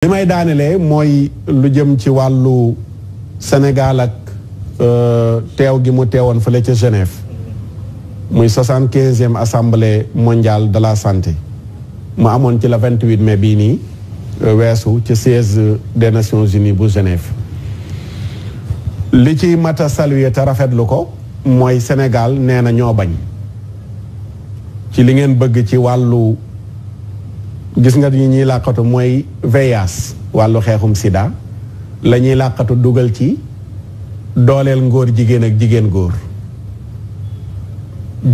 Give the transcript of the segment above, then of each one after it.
li may daanelee mooy lu jëm ci wàllu Sénégal ak euh, teew gi mu teewoon fële ca Genève muy soixante-quinzième assemblée mondiale de la santé mu amoon ci la mais huit bii nii euh, weesu ci siège des Nations Unies bu Genève li ci mat a saluer te rafetlu ko mooy Sénégal nee na ñoo bañ ci li ngeen bëgg ci wàllu gis nga ñu ñuy làqatu mooy VIH wàllu xeexum sida lañuy ñuy làqatu dugal ci dooleel ngóor jigéen ak jigéen góor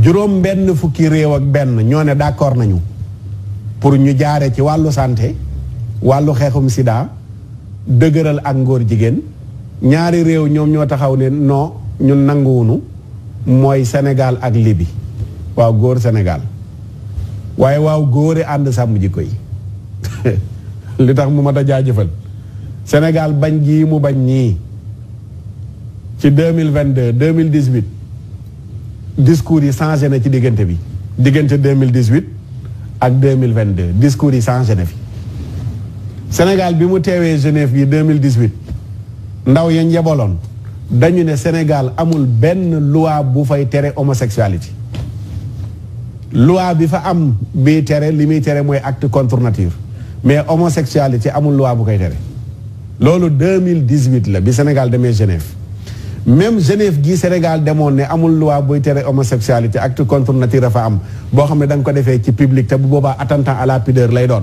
juróom benn fukki réew ak benn ñoo ne d'accord nañu pour ñu jaare ci wàllu santé wàllu xeexum sida dëgëral ak ngóor jigéen ñaari réew ñoom ñoo taxaw ne noo ñun nanguwunu mooy Sénégal ak libi waaw góor Sénégal waaye waaw góore ànd sàmm ji koy li tax mu mat a jëfal Sénégal bañ gii mu bañ ñii ci deux mille vingt deux deux mille dix huit discours yi changé na ci diggante bi diggante deux mille dix huit ak deux mille vingt deux discours yi changé na fi Sénégal bi mu teewee Genève bi deux mille dix huit ndaw yañ yebaloon dañu ne Sénégal amul benn loi bu fay tere homosexualité. loi bi fa am bii tere li muy tere mooy acte contre nature mais homosexualité amul loi bu koy tere loolu 2018 la bi Sénégal demee Genève même Genève gii Sénégal demoon ni amul luwaa buy tere homosexualité acte contre nature dafa am boo xam ne da nga ko defee ci public te bu boobaa attentat à la pudeur lay doon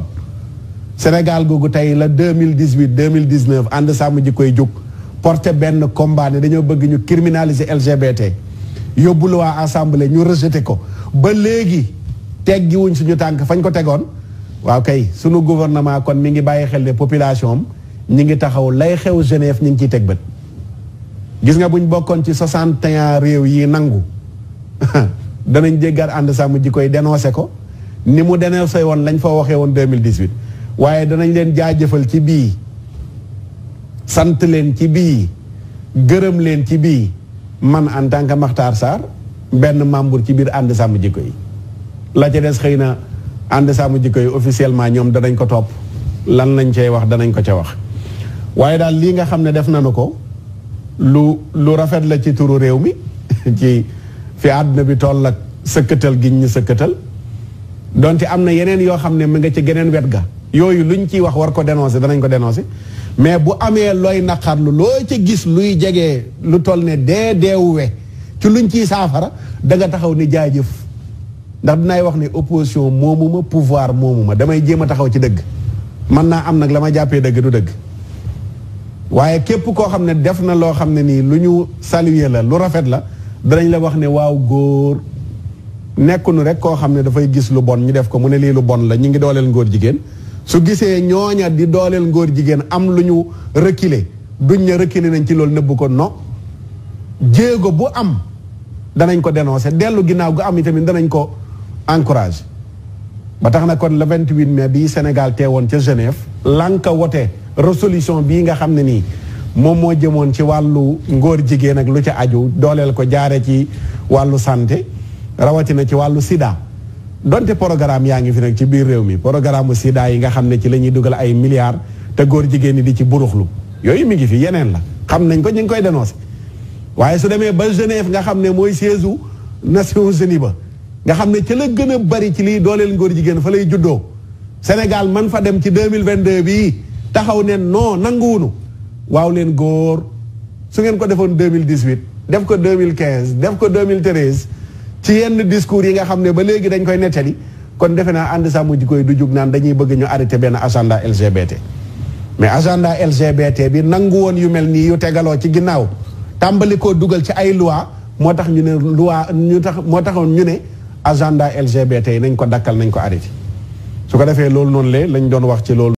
Sénégal googu tey la 2018 2019 ànd sàmm ji koy jug porté benn combat dañoo bëgg ñu criminaliser LGBT yóbbu loi assemblée ñu rejeté ko ba léegi teggi wuñ suñu tànk fañ ko tegoon waaw kay suñu gouvernement kon mi ngi bàyyi xel ne population am ñi ngi taxaw lay xew Genève ñi ngi ciy teg bët gis nga buñ bokkoon ci 61 réew yi nangu danañ jéggaat ànd sàmm ji koy dénoncé ko ni mu dénoncé woon lañ foo waxee woon 2018 waaye danañ leen jaajëfal ci bii sant leen ci bii gërëm leen ci bii man en tant que Makhtar Sarr benn membre ci biir ànd sàmm jikko yi la ca des xëy na ànd sàmm jikko yi officiellement ñoom danañ ko topp lan lañ cee wax danañ ko ca wax waaye daal lii nga xam ne def nañu ko lu lu rafet la ci turu réew mi ci fi àdduna bi tool ak sëkkatal gi ñu sëkkatal donte am na yeneen yoo xam ne mu nga ci geneen wet ga yooyu luñ ciy wax war ko dénoncer danañ ko denoosi mais bu amee looy naqarlu loo ci gis luy jege lu toll ne dee deewu we ci luñ ciy saafara danga taxaw ni jaajëf ndax dinaay wax ne opposition moomu ma pouvoir moomu ma damay jéem a taxaw ci dëgg man naa am nag la ma jàppee dëgg du dëgg waaye képp koo xam ne def na loo xam ne nii lu ñu saluer la lu rafet la danañ la wax ne waaw góor nekkunu rek koo xam ne dafay gis lu bon ñu def ko mu ne lii lu bon la ñu ngi dooleel ngóor jigéen su gisee ñooña di dooleel ngóor jigéen am lu ñu reculer duñ ne reculer nañ ci loolu nëbbu ko non jéego bu am danañ ko dénoncer dellu ginnaaw gu am tamit danañ ko encourage ba tax na kon vingt 28 mai bii Sénégal teewoon ca Genève lanka wote résolution bii nga xam ne nii moom moo jëmoon ci wàllu ngóor jigéen ak lu ca aju dooleel ko jaare ci wàllu santé rawatina ci wàllu sida donte programme yaa ngi fi nag ci biir réew mi programme mu sida yi nga xam ne ci la ñuy dugal ay milliards te góor jigéen ñi di ci buruxlu yooyu mi ngi fi yeneen la xam nañ ko ñu ngi koy dénoncé waaye su demee ba Genève nga xam ne mooy siège u Nations Unies ba nga xam ne ca la gën a bari ci lii dooleel ngóor jigéen fa lay juddoo Sénégal man fa dem ci 2022 bii taxaw ne non nanguwunu waaw leen góor su ngeen ko defoon 2018 def ko 2015 def ko 2013 ci yenn discours yi nga xam ne ba léegi dañ koy nettali kon defe naa ànd sàmm ji koy du jug naan dañuy bëgg ñu arrêté benn agenda LGBT mais agenda LGBT bi nangu woon yu mel nii yu tegaloo ci ginnaaw tàmbali koo dugal ci ay loi moo tax ñu ne loi ñu tax moo taxoon ñu ne agenda LGBT yi nañ ko dakkal nañ ko arrêté su ko defee loolu noonu lee lañ doon wax ci loolu